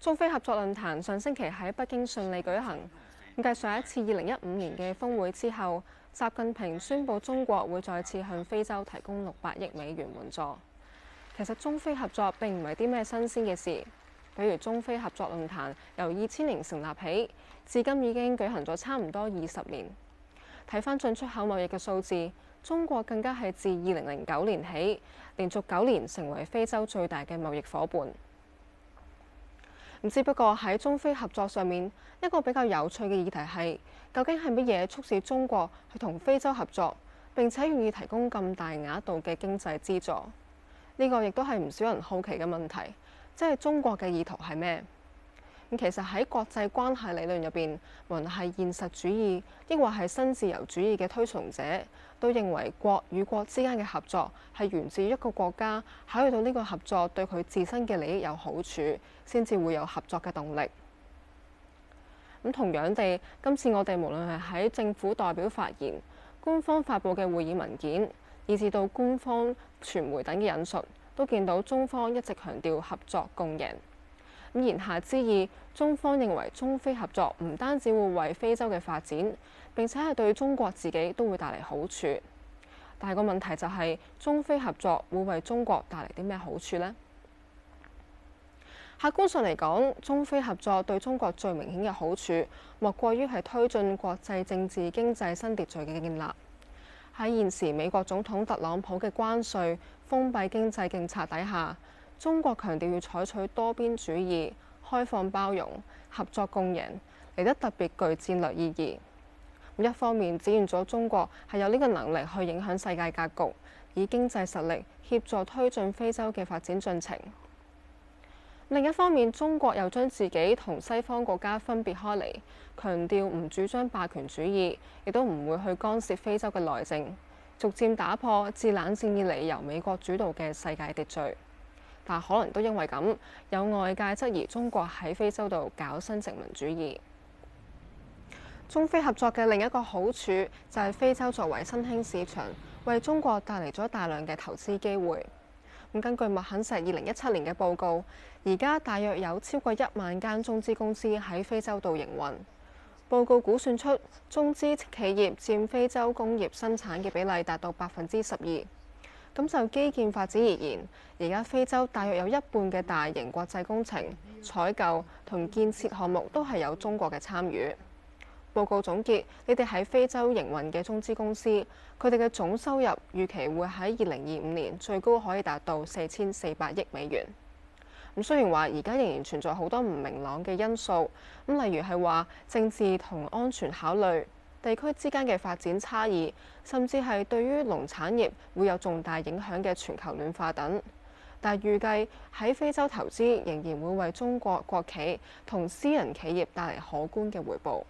中非合作論壇上星期喺北京順利舉行，繼上一次二零一五年嘅峰會之後，習近平宣布中國會再次向非洲提供六百億美元援助。其實中非合作並唔係啲咩新鮮嘅事，比如中非合作論壇由二千年成立起，至今已經舉行咗差唔多二十年。睇翻進出口貿易嘅數字，中國更加係自二零零九年起，連續九年成為非洲最大嘅貿易夥伴。唔，只不過喺中非合作上面，一個比較有趣嘅議題係，究竟係乜嘢促使中國去同非洲合作並且願意提供咁大額度嘅經濟資助？呢個亦都係唔少人好奇嘅問題，即係中國嘅意圖係咩？咁其實喺國際關係理論入邊，無論係現實主義，抑或係新自由主義嘅推崇者，都認為國與國之間嘅合作係源自於一個國家考慮到呢個合作對佢自身嘅利益有好處，先至會有合作嘅動力。咁同樣地，今次我哋無論係喺政府代表發言、官方發布嘅會議文件，以至到官方傳媒等嘅引述，都見到中方一直強調合作共贏。言下之意，中方認為中非合作唔單止會為非洲嘅發展，並且係對中國自己都會帶嚟好處。但係個問題就係，中非合作會為中國帶嚟啲咩好處呢？客觀上嚟講，中非合作對中國最明顯嘅好處，莫過於係推進國際政治經濟新秩序嘅建立。喺現時美國總統特朗普嘅關稅封閉經濟政策底下。中國強調要採取多邊主義、開放包容、合作共贏，嚟得特別具戰略意義。一方面，展示咗中國係有呢個能力去影響世界格局，以經濟實力協助推進非洲嘅發展進程；另一方面，中國又將自己同西方國家分別開嚟，強調唔主張霸權主義，亦都唔會去干涉非洲嘅內政，逐漸打破自冷戰以嚟由美國主導嘅世界秩序。但可能都因為咁，有外界質疑中國喺非洲度搞新殖民主義。中非合作嘅另一個好處就係非洲作為新興市場，為中國帶嚟咗大量嘅投資機會。咁根據麥肯錫二零一七年嘅報告，而家大約有超過一萬間中資公司喺非洲度營運。報告估算出中資企業佔非洲工業生產嘅比例達到百分之十二。咁就基建發展而言，而家非洲大約有一半嘅大型國際工程採購同建設項目都係有中國嘅參與。報告總結，你哋喺非洲營運嘅中資公司，佢哋嘅總收入預期會喺二零二五年最高可以達到四千四百億美元。咁雖然話而家仍然存在好多唔明朗嘅因素，咁例如係話政治同安全考慮。地區之間嘅發展差異，甚至係對於農產業會有重大影響嘅全球暖化等。但係預計喺非洲投資仍然會為中國國企同私人企業帶嚟可觀嘅回報。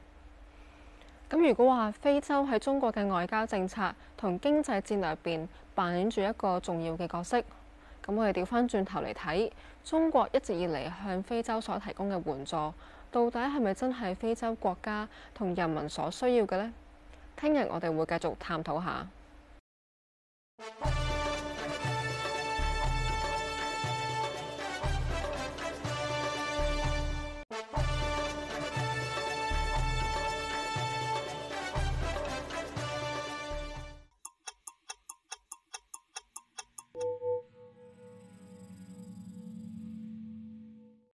咁如果話非洲喺中國嘅外交政策同經濟戰略入邊扮演住一個重要嘅角色。咁我哋調翻轉頭嚟睇，中國一直以嚟向非洲所提供嘅援助，到底係咪真係非洲國家同人民所需要嘅呢？聽日我哋會繼續探討下。